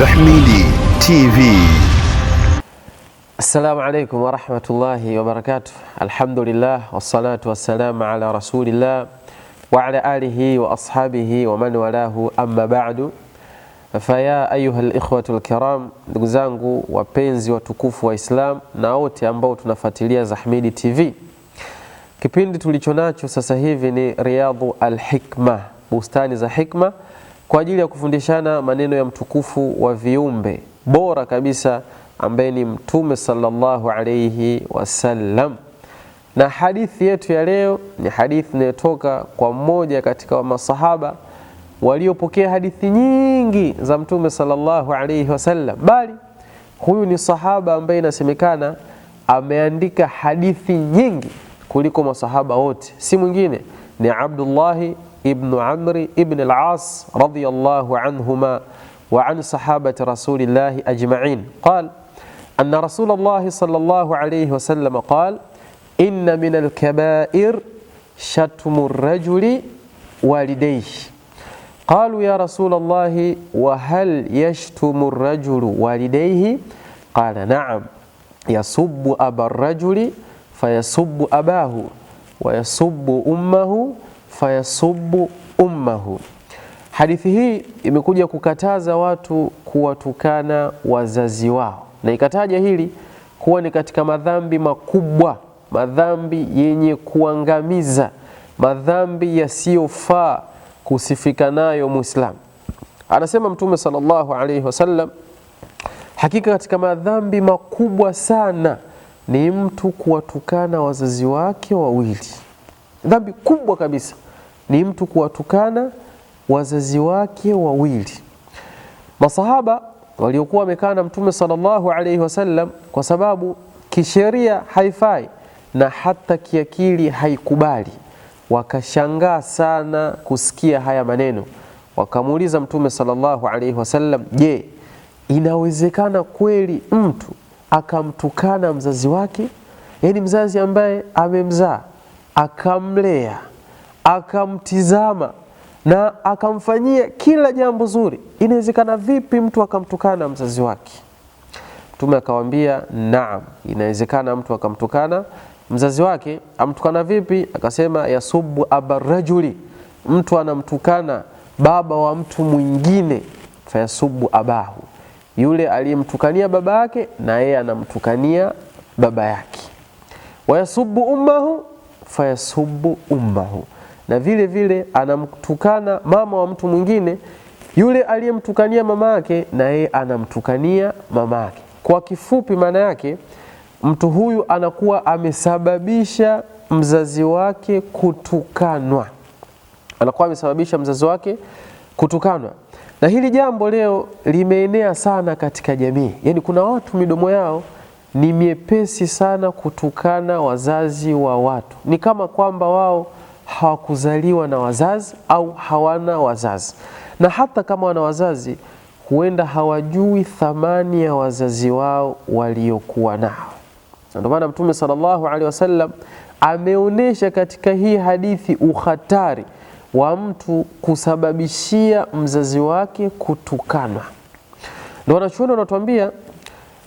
Zahmidi TV. Assalamu alaikum warahmatullahi wabarakatuh. Alhamdulillah wassalatu wassalamu ala rasulillah wa ala alihi wa ashabihi wa man walahu, amma ba'du. Faya ayuha likhwatu lkiram, ndugu zangu wapenzi watukufu wa Islam na wote ambao tunafuatilia Zahmidi TV. Kipindi tulicho nacho sasa hivi ni Riyadhu Alhikma, bustani za hikma kwa ajili ya kufundishana maneno ya mtukufu wa viumbe bora kabisa ambaye ni Mtume sallallahu alayhi wasallam. Na hadithi yetu ya leo ni hadithi inayotoka kwa mmoja katika wa masahaba waliopokea hadithi nyingi za Mtume sallallahu alayhi wasallam, bali huyu ni sahaba ambaye inasemekana ameandika hadithi nyingi kuliko masahaba wote, si mwingine ni Abdullahi ابن عمرو ابن العاص رضي الله عنهما وعن صحابة رسول الله أجمعين قال أن رسول الله صلى الله عليه وسلم قال إن من الكبائر شتم الرجل والديه قالوا يا رسول الله وهل يشتم الرجل والديه قال نعم يسب أبا الرجل فيسب أباه ويسب أمه fayasubu ummahu. Hadithi hii imekuja kukataza watu kuwatukana wazazi wao, na ikataja hili kuwa ni katika madhambi makubwa, madhambi yenye kuangamiza, madhambi yasiyofaa kusifika nayo Muislamu. Anasema Mtume sallallahu alaihi wasallam, hakika katika madhambi makubwa sana ni mtu kuwatukana wazazi wake wawili, dhambi kubwa kabisa ni mtu kuwatukana wazazi wake wawili. Masahaba waliokuwa wamekaa na Mtume sallallahu alaihi wasallam, kwa sababu kisheria haifai na hata kiakili haikubali, wakashangaa sana kusikia haya maneno. Wakamuuliza Mtume sallallahu alaihi wasallam, je, inawezekana kweli mtu akamtukana mzazi wake, yaani mzazi ambaye amemzaa akamlea akamtizama na akamfanyia kila jambo zuri, inawezekana vipi mtu akamtukana mzazi wake? Mtume akawambia, naam, inawezekana mtu akamtukana mzazi wake. Amtukana vipi? Akasema, yasubu aba rajuli, mtu anamtukana baba wa mtu mwingine, fayasubu abahu, yule aliyemtukania baba yake na yeye anamtukania baba yake. Wayasubu ummahu fayasubu ummahu na vile vile anamtukana mama wa mtu mwingine, yule aliyemtukania mama yake na yeye anamtukania mama yake. Kwa kifupi, maana yake mtu huyu anakuwa amesababisha mzazi wake kutukanwa, anakuwa amesababisha mzazi wake kutukanwa. Na hili jambo leo limeenea sana katika jamii, yaani kuna watu midomo yao ni miepesi sana kutukana wazazi wa watu, ni kama kwamba wao hawakuzaliwa na wazazi au hawana wazazi, na hata kama wana wazazi huenda hawajui thamani ya wazazi wao waliokuwa nao. Ndio maana Mtume sallallahu alaihi wasallam ameonyesha katika hii hadithi uhatari wa mtu kusababishia mzazi wake kutukanwa. Ndio wanachuoni wanatuambia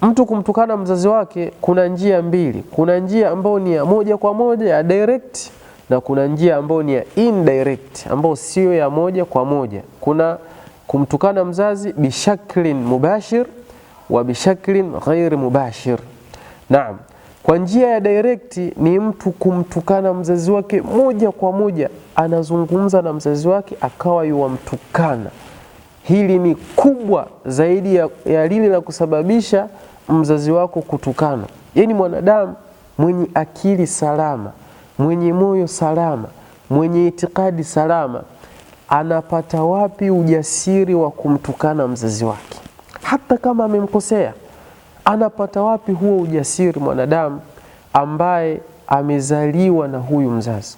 mtu kumtukana mzazi wake kuna njia mbili. Kuna njia ambayo ni ya moja kwa moja ya direct, na kuna njia ambayo ni ya indirect ambayo sio ya moja kwa moja. Kuna kumtukana mzazi bishaklin mubashir wa bishaklin ghairi mubashir. Naam, kwa njia ya direct ni mtu kumtukana mzazi wake moja kwa moja, anazungumza na mzazi wake akawa yuwamtukana. Hili ni kubwa zaidi ya, ya lile la kusababisha mzazi wako kutukana. Yaani mwanadamu mwenye akili salama mwenye moyo salama, mwenye itikadi salama, anapata wapi ujasiri wa kumtukana mzazi wake? Hata kama amemkosea, anapata wapi huo ujasiri mwanadamu ambaye amezaliwa na huyu mzazi?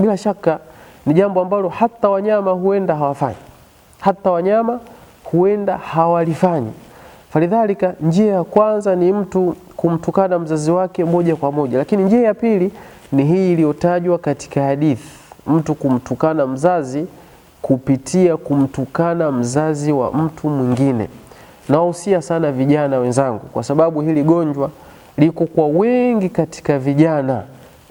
Bila shaka ni jambo ambalo hata wanyama huenda hawafanyi, hata wanyama huenda hawalifanyi. Falidhalika, njia ya kwanza ni mtu kumtukana mzazi wake moja kwa moja, lakini njia ya pili ni hii iliyotajwa katika hadithi, mtu kumtukana mzazi kupitia kumtukana mzazi wa mtu mwingine. Nawahusia sana vijana wenzangu, kwa sababu hili gonjwa liko kwa wengi katika vijana.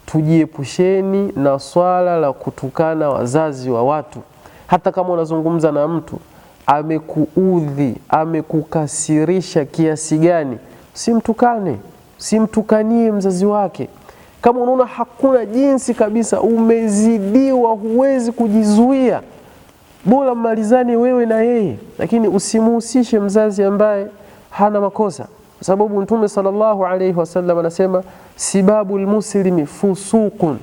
Tujiepusheni na swala la kutukana wazazi wa watu. Hata kama unazungumza na mtu amekuudhi, amekukasirisha kiasi gani, simtukane, simtukanie mzazi wake. Kama unaona hakuna jinsi kabisa, umezidiwa, huwezi kujizuia, bora mmalizane wewe na yeye, lakini usimuhusishe mzazi ambaye hana makosa, kwa sababu Mtume sallallahu alaihi wasallam anasema sibabu lmuslimi fusukun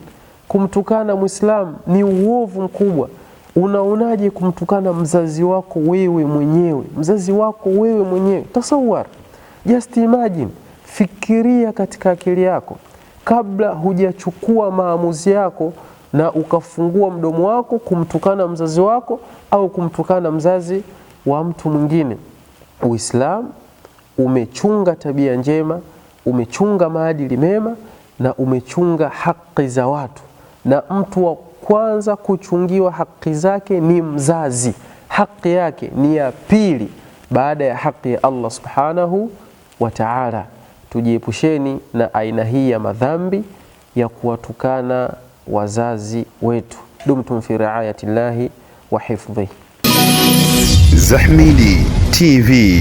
kumtukana mwislamu ni uovu mkubwa. Unaonaje kumtukana mzazi wako wewe mwenyewe? Mzazi wako wewe mwenyewe, tasawar, just imagine, fikiria katika akili yako kabla hujachukua maamuzi yako na ukafungua mdomo wako kumtukana mzazi wako au kumtukana mzazi wa mtu mwingine. Uislamu umechunga tabia njema, umechunga maadili mema na umechunga haki za watu, na mtu wa kwanza kuchungiwa haki zake ni mzazi. Haki yake ni ya pili baada ya haki ya Allah subhanahu wa ta'ala. Tujiepusheni na aina hii ya madhambi ya kuwatukana wazazi wetu. Dumtum fi riayatillahi wa hifdhihi. Zahmidi TV.